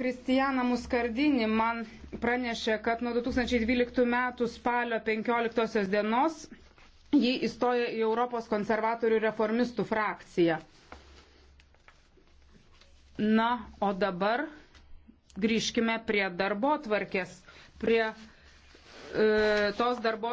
Kristijaną Muskardinį man pranešė, kad nuo 2012 metų spalio 15 dienos jį įstojo į Europos konservatorių reformistų frakciją. Na, o dabar grįžkime prie darbo tvarkės, prie e, tos darbo.